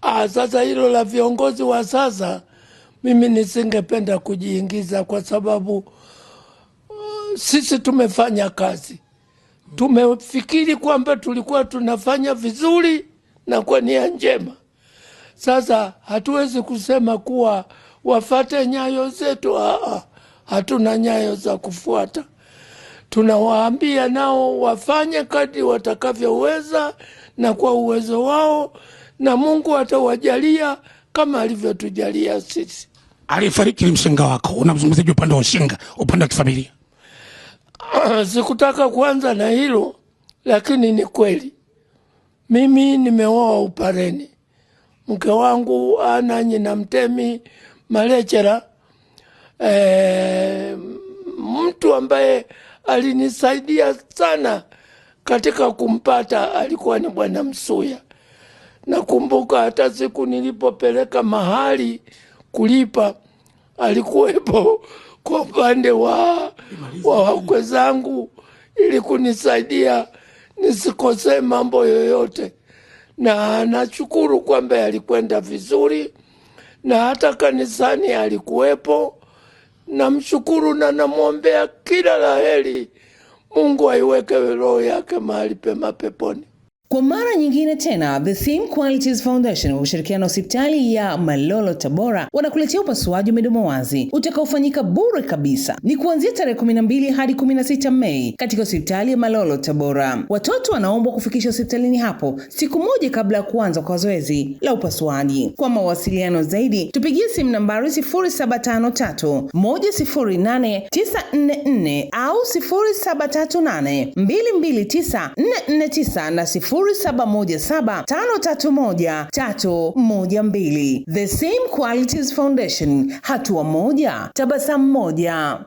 Ah, sasa hilo la viongozi wa sasa mimi nisingependa kujiingiza kwa sababu uh, sisi tumefanya kazi, tumefikiri kwamba tulikuwa tunafanya vizuri na kwa nia njema. Sasa hatuwezi kusema kuwa wafate nyayo zetu. Ah, hatuna nyayo za kufuata. Tunawaambia nao wafanye kadri watakavyoweza na kwa uwezo wao na Mungu atawajalia kama alivyotujalia sisi. Alifariki ni mshenga wako, unamzungumzaji upande wa ushenga, upande wa kifamilia? Ah, sikutaka kuanza na hilo, lakini ni kweli mimi nimeoa Upareni, mke wangu ana nyina mtemi Malechera. E, mtu ambaye alinisaidia sana katika kumpata alikuwa ni Bwana Msuya. Nakumbuka hata siku nilipopeleka mahali kulipa, alikuwepo kwa upande wa wakwe zangu ili kunisaidia nisikosee mambo yoyote, na nashukuru kwamba yalikwenda vizuri, na hata kanisani alikuwepo. Namshukuru na namwombea kila la heri. Mungu aiweke roho yake mahali pema peponi. Kwa mara nyingine tena The Theme Qualities Foundation kwa ushirikiano hospitali ya Malolo Tabora wanakuletea upasuaji wa midomo wazi utakaofanyika bure kabisa. Ni kuanzia tarehe 12 hadi 16 Mei katika hospitali ya Malolo Tabora. Watoto wanaombwa kufikisha hospitalini hapo siku moja kabla ya kuanza kwa zoezi la upasuaji. Kwa mawasiliano zaidi, tupigie simu nambari 0753 108 au 0738 229 na 0 tano tatu moja tatu moja mbili The Same Qualities Foundation, hatua moja, tabasamu moja.